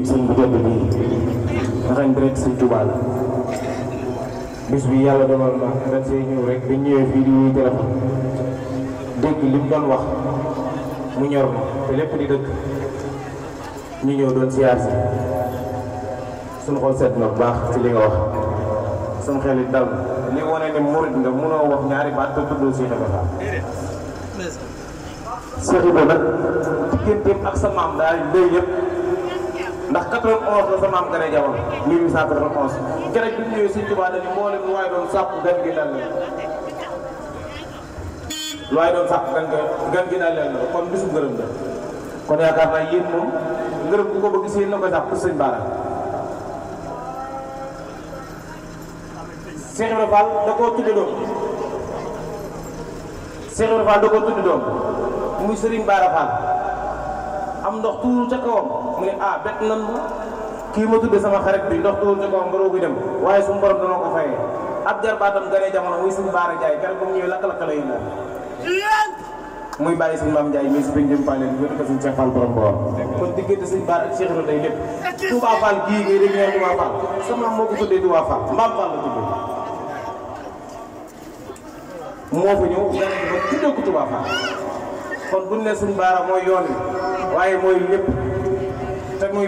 sëñ bu tedd bi nga bis bi yàlla dogal na ren see ñëw rek ba ñëwee fii di wuy téléphone dégg li mu doon wax mu ñor ma te lépp di dëkk ñu ñëw doon siyaar si suñu xol seet na bu baax ci li nga wax suñu xel dal li wane ne murit nga mënoo wax ñaari baat te tuddoo Seex Ibra Faal Seex Ibra nag ak sa maam daal léegi 91 la sama am gën a jamono mu ñëwee Sëñ Tuubaa dañu mboolem si yéen la koy am ndox tuuru ca kawam mu ne ah bett nan mu ma tudde sama xarit bi ndox tuur ci kaw nga roogu dem waaye suñu borom dana ko fayee ab jarbaatam gane jamono muy suñu baara jaay keroog ba mu ñëwee lakk-lakkale yu mel muy bàyyi suñu maam Ndiaye muy si biir Ndiame Paley di ko suñu Cheikh Fall day lépp. Touba Fall gii ngay dégg ñoom Touba moo Mbaam Fall la tuddee. moo fa ñëw gàncax gi ba tuddee ko Touba ne suñu baara mooy yoon waaye mooy lépp.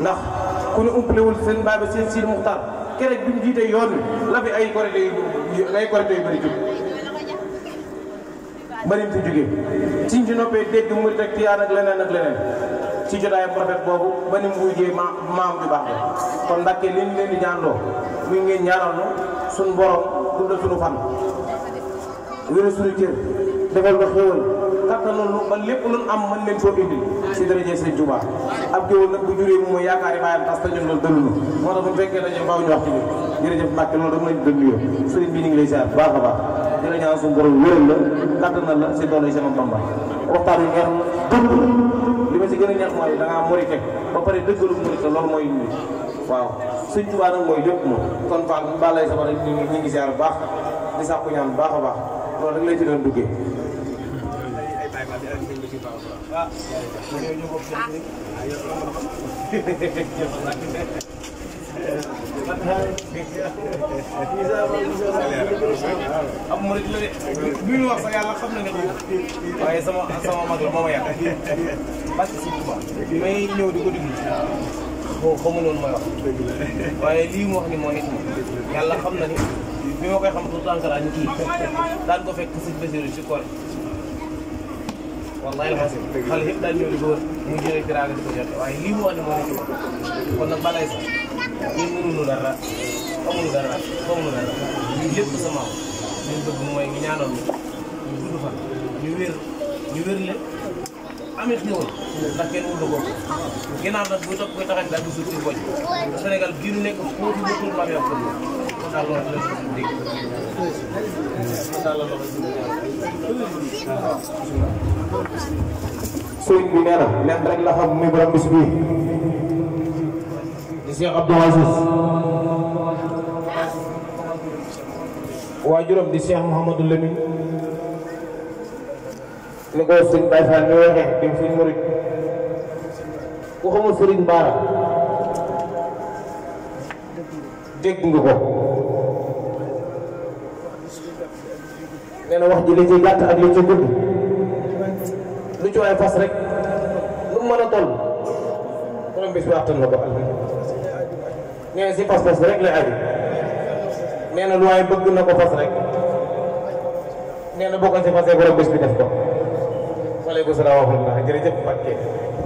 ndax ku ñu umpalewul seen baay ba seen Sidi Muxtaar keroog bi mu jiite yoon wi la fi ay korite yu ay korite yu bëri bëriñ fi jógee siñ ci noppee dégg murit ak tiyaan ak leneen ak leneen ci jotaayam rafet boobu ba ni mu wujjee ma maam bi baax kon ndakke li leen di ñaanloo muy ngeen ñaanal nu suñ borom dundal suñu fan wéru suñu cër defal ko xéewal te loolu ba lépp lu am mën leen foo indi si daraje sëñ Tuubaa ab géwël nag bu juree moom mooy yaakaari baayam tas te ñun loolu dëlunu moo tax bu fekkee dañu faaw ñu wax ci bi jërëjëf Mbàkke loolu dama lañ dël yo sëriñ bi ñu ngi lay ziar baax a baax dina ñaan suñu borom wéral la ini la si doole sama Bamba waxtaan wi neex dëgg li ma si neex mooy da ngaa mori teg ba pare dëggalu mori te loolu mooy waaw sëñ Tuubaa nag mooy lépp moom kon Fall balay sama rek ñu ngi ziar baax di sàkku ñaan baax a baax rek lay ci doon duggee am murid la de bu ñu wax sax yàlla xam na ne ko waaye sama sama mag la moo ma yàq parce si tubaab may ñëw di ko déglu boo xamul woon mooy wax waaye lii mu wax ni moo nekk moom yàlla xam na ni bi ma koy xam tout le temps que daan ko fekk si bés yi si koor wallaay la xasim xale yëpp daal ñëw di ko wër mu jëlee tiraanga di ko joxe waaye lii mu wane moo nekk kon nag balay sax ñun mënuñu dara amuñu dara xamuñu dara ñun lépp sa maam ñun bëgg mooy nga ñaanal ñu ñu gudd fan ñu wér ñu wér leen amee xéwal ndax kenn wul ko ginnaaw nag buy topp koy taxañ daal di suuf ci boj Sénégal gii nu nekk foofu bokkul maam yaa ko sëriñ bi nee na la xam muy borom bis bii di Cheikh Abdou Aziz waa juróom di Cheikh Mouhamadou Lamine ni ko sëriñ Baye Fall mi waxee di fi murid ku xamul sëriñ Baara dégg nga ko nee na wax ji li ci gàtt ak li ci gudd lu ci waay fas rek lu mën a toll borom bis waxtaan na ko alhamdulilah nee na si pas-pas rek la aju nee na lu waay bëgg na ko fas rek nee na boo ko si fasee borom bis bi def ko. waaleykum salaam wa rahmatulah jërëjëf Mbacke